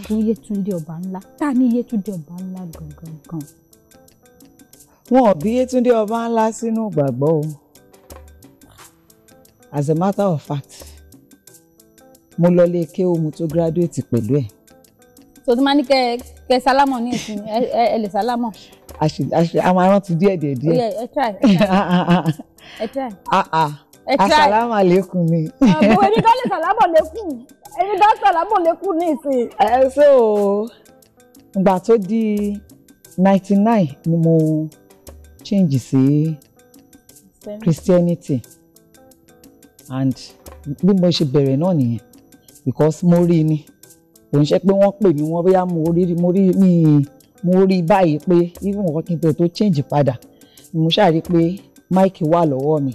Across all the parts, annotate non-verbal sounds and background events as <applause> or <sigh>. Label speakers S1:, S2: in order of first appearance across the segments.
S1: fún Yétúndé ọba ńlá ta ni Yétúndé ọba ńlá gangan gan.
S2: wọn ò bí Yétúndé ọba ńlá sínú ìgbàgbọ́ o as a matter of fact mo lọ lé kéwù mo tó graduate pẹ̀lú ẹ̀.
S1: tó ti máa ní kẹ kẹ sálámọ ní ìsìn ẹ ẹ lè sálámọ.
S2: a ṣe a máa rántí díẹ̀ díẹ̀ díẹ̀. Oh,
S1: ẹ try ẹ try <laughs> ẹ try.
S2: Ah, ah ẹ try asalaamu aleykum ẹni tó
S1: lè sàlámù
S2: ẹni tó sàlámù aleykum ní ẹ so ìgbà tó di ninety nine ni mo change sí Christianity and bí mo ṣe bẹ̀rẹ̀ náà nìyẹn because mo rí ni kò ń ṣe pé wọ́n pè mí wọ́n bóyá mo rí mo rí mi mo rí báyìí pé even working pay tó change padà mo ṣáà rí i pé máìkì wà lọ́wọ́ mi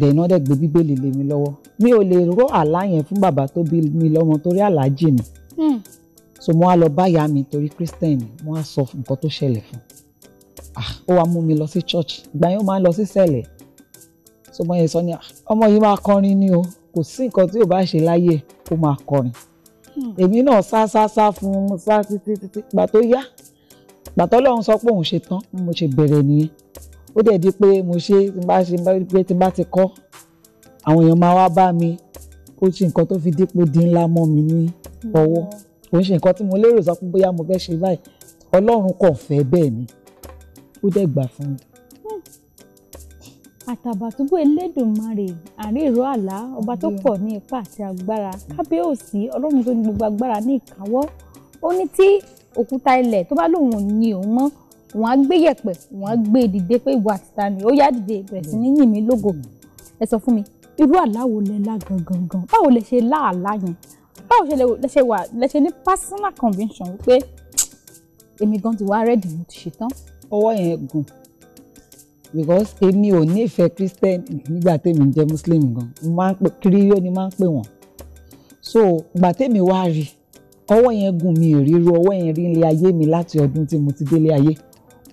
S2: dẹ̀nà dẹ̀ gbé bíbélì lé mi lọ́wọ́ mi ò lè ró àlá yẹn fún bàbá tó bí mi lọ́mọ torí aláàjì ni hmm. so mo wá lọ bá ìyá mi torí christian mo wá sọ nǹkan tó ṣẹlẹ̀ fún ah, ó wá mú mi lọ sí church ìgbà yẹn ó máa ń lọ sí sẹ̀lẹ̀ so mo yẹn sọ ni ah, ọmọ yìí máa kọrin ni o kò sí nǹkan tí ò bá ṣe láyé kó máa kọrin hmm. èmi náà sá sá sá fún un sá títí títí gbà tó yá gbà tó lọ́run sọ pé òun ṣe tán mo ṣe bẹ̀rẹ̀ nìyẹn ó dẹ̀ di pé mo ṣe tí bá ṣe pé tí bá ti kọ́ àwọn èèyàn máa wá bá mi ó ṣe nǹkan tó fi dípò di ńlá mọ́ mi ní ọwọ́ kò ń ṣe nǹkan tí mo lérò sọ pé bóyá mo fẹ́ ṣe báyìí ọlọ́run kàn fẹ́ bẹ́ẹ̀ ni ó dẹ̀ gbà fún mi.
S1: àtàbàtúbú elédùnmarè àríró àlá ọba tó pọ̀ ní ipá àti agbára kábíyèsí ọlọ́run tó ní gbogbo agbára ní ìkáwọ́ ó ní tí òkúta ilẹ̀ tó bá lóun ò yin òun mọ́ wọ́n á gbé yẹ̀pẹ̀ wọ́n á gbé dìde pé ìwà àtìta ni ó yá dìde bẹ̀rẹ̀ sí ní yìn mí lógo ẹ sọ fún mi irú àlá wo lẹ lá gangan gan báwo lẹ ṣe lá àlá yẹn báwo ṣe lẹ ṣe wà lẹ ṣe ní personal convention wípé èmi gan ti wá rẹ́dì mo ti ṣetán.
S2: ọwọ́ yẹn gùn because èmi ò nífẹ̀ẹ́ christian nígbà tèmi jẹ́ muslim gan mo máa ń pè kiriyó ni máa ń pè wọ́n so ìgbà tèmi wá rí ọwọ́ yẹn gùn mi ò ríru ọwọ́ yẹn rí ilé ayé mi láti ọdún tí mo ti délé ayé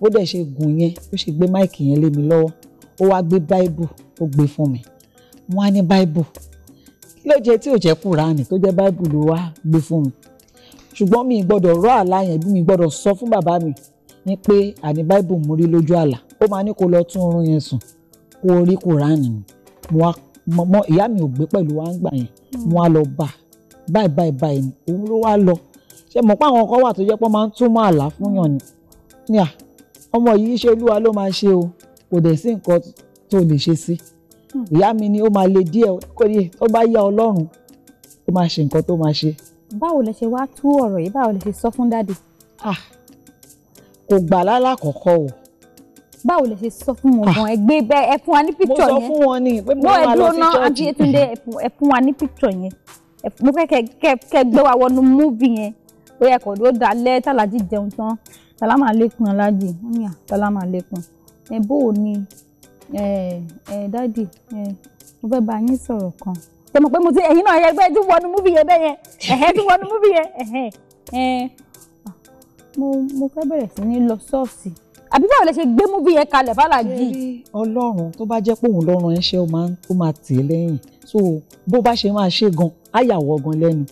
S2: bó dẹ̀ ṣe gùn yẹn ó ṣe gbé máìkì yẹn lé mi lọ́wọ́ ó wá gbé báíbù ó gbé fún mi mo wá ní báíbù kí ló jẹ́ tí ò jẹ́ kúránì tó jẹ́ báíbù ló wá gbé fún mi ṣùgbọ́n mi gbọ́dọ̀ rọ́ àlá yẹn bí mi gbọ́dọ̀ sọ fún bàbá mi ní pé àní báíbù mú rí lójú àlá ó máa ní kó lọ tún oorun yẹn sùn kó rí kúránì mi mo ìyá mi ò gbé pẹ̀lú wa ń gbà yẹn mo wá lọ bá báyìí báyìí báyìí òun ló wá lọ ṣe mọ̀ pé àwọn kan wà tó jẹ́ pé wọ́n máa ń túmọ̀ àlá fún yàn ni ní ọmọ yìí ṣe olúwa ló máa ṣe o kò dẹ̀ sí nǹkan tó lè ṣe sí hmm. ìyá mi ni ó máa le díẹ̀ kò yẹ tó bá yá ọlọ́run ó máa ṣe nǹkan tó máa ṣe.
S1: báwo lẹ ṣe wáá tú ọ̀rọ̀ yìí báwo lẹ ṣe sọ fún dáàdì.
S2: kò gbà lálàkọ̀kọ̀ o.
S1: báwo lẹ ṣe sọ fún wọn gan ẹgbẹ́ bẹ ẹ fún wa ní píkítọ̀ yẹn mo sọ fún wọn ni pé mo máa lọ sí chọ́ọ̀chì. mo ẹ dúró náà wa ní píkítọ̀ yẹn mo fẹ́ kẹ́ gbé wa wọnú múvì yẹn ó yẹ kó ló dalẹ́ tàlàjì jẹun tán sálámà lẹ́kùn aláàjì wọ́n ní ah, sálámà lẹ́kùn ẹ bó o ní ẹ ẹ Dadi, ẹ mo fẹ́ bá yín sọ̀rọ̀ kan ṣe mọ̀ pé mo ti ẹ̀yin náà yẹ pé tí wọnú múfì yẹn bẹ́ẹ̀ yẹn ẹ̀hẹ́ tí wọnú múfì yẹn ẹ̀hẹ́ ẹ̀ mo mo fẹ́
S2: bẹ̀rẹ̀ sí ní lọ ṣọ́ọ̀ṣì àbí báwo lè ṣe gbé múfì yẹn kalẹ̀ fàlàjì. ọlọ́run tó bá jẹ́ pé òun lọ́rùn ẹ̀ṣẹ́ ó máa tì í lẹ́yìn so bó bá ṣe máa ṣe gan á yà wọ́ gan lẹ́nu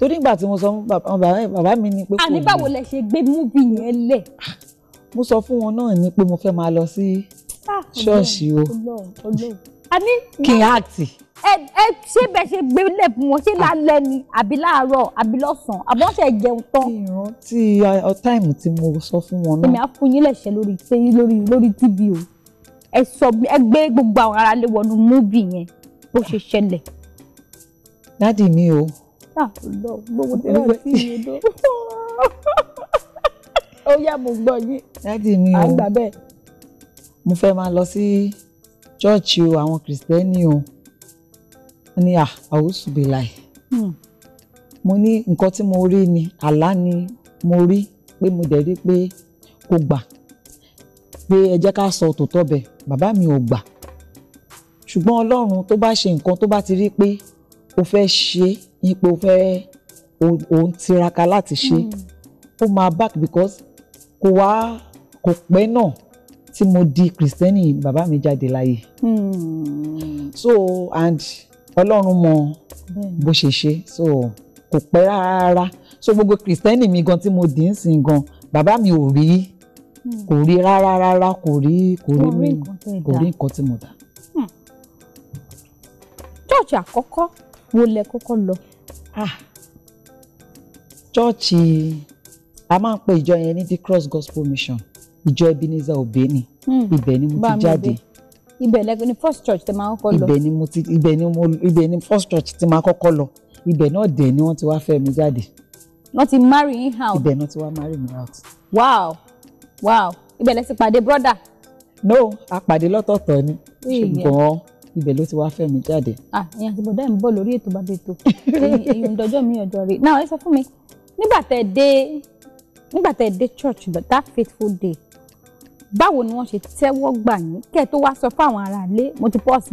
S2: torí ìgbà tí mo sọ bàbá mi ni pé kò ní. àní báwo
S1: lẹ ṣe gbé múbi yẹn lẹ̀.
S2: mo sọ fún wọn náà ni pé mo fẹ́ máa lọ sí
S1: ah, ṣọ́ọ̀ṣì o àní. kí n áàtì. ẹ ẹ ṣé bẹ ṣe gbélé fún wọn ṣé ah. lálẹ́ ni àbí láàárọ̀ àbí lọ́sàn àbí wọn ṣe jẹun tán.
S2: ìrántí uh, táìmù tí mo sọ fún wọn náà. èmi
S1: á fún yín lẹ̀ṣẹ̀ lórí tẹ́yìn lórí lórí tv o ẹ sọ ẹ gbé gbogbo àwọn aráalé wọnú múùbì yẹn bó ṣe ṣẹlẹ̀.
S2: dádì mi o Ah, lọ gbogbo tí wọn ti
S1: yé lọ <laughs> ó yá mo gbọ́ yín
S2: láti mi o àgbà bẹ́ẹ̀. mo fẹ́ máa lọ sí chọ́ọ̀chì o àwọn kìrìsìtẹ́nì o wọ́n ní àwòsùbìláì hmm. mo ní nǹkan tí mo rí ni àlá ni mo rí pé mo dẹ̀ rí pé kò gbà pé ẹ jẹ́ ká sọ tòótọ́ bẹ̀ bàbá mi ò gbà ṣùgbọ́n ọlọ́run tó bá ṣe nǹkan tó bá ti rí pé o fẹ́ ṣe é ipò fẹ́ òun tiraka láti ṣe hmm. ó máa back because kò wá kò pẹ́ náà tí mo di kìrìsìtẹ́nì bàbá mi jáde láyé hmm. so and ọlọ́run mọ bó ṣe ṣe so kò pẹ́ rárá so gbogbo kìrìsìtẹ́nì mi gan tí mo dì í sìn gan bàbá mi ò rí hmm. kò rí rárá rárá kò rí kò rí mi kò rí nǹkan tí mo dà.
S1: church àkọ́kọ́ wo lẹ kọ́kọ́ lọ. Ah,
S2: chọ́ọ̀chì a máa ń pe ìjọ yẹn ní the cross gospel mission ìjọ Ebenezer Obey ni hmm. ibẹ̀ ni mo ti jáde
S1: ibẹ̀ ni first church ti máa kọ́kọ́ lọ. ibẹ̀ ni
S2: mo ti ibẹ̀ ni mo ibẹ̀ ni first church ti máa kọ́kọ́ lọ ibẹ̀ náà dẹ̀ ni wọ́n ti wá fẹ́ mi jáde.
S1: wọ́n ti marry in out. ibẹ̀
S2: náà ti wá marry me out.
S1: wow wow ibẹ̀ lẹ ti pàdé brother.
S2: no a pàdé lọ́tọ̀ọ̀tọ̀ ni ṣùgbọ́n ibẹ̀ ló ti wá fẹ́ mi jáde.
S1: à ah, ìyẹn àti bọ̀dá ẹ̀ ń bọ̀ lórí ètò bàbá ètò èyí ń mi ọjọ́ rẹ̀ náà ẹ sọ fún mi nígbà tẹ dé nígbà tẹ dé church that faithful day báwo ni wọ́n ṣe tẹ́wọ́ gbà yín kẹ́ ẹ tó wá sọ fún àwọn aráalé mo ti pọ́ọ̀sì